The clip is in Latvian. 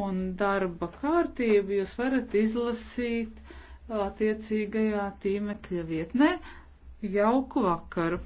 un darba kārtību jūs varat izlasīt attiecīgajā tīmekļa vietnē. Jauku vakaru!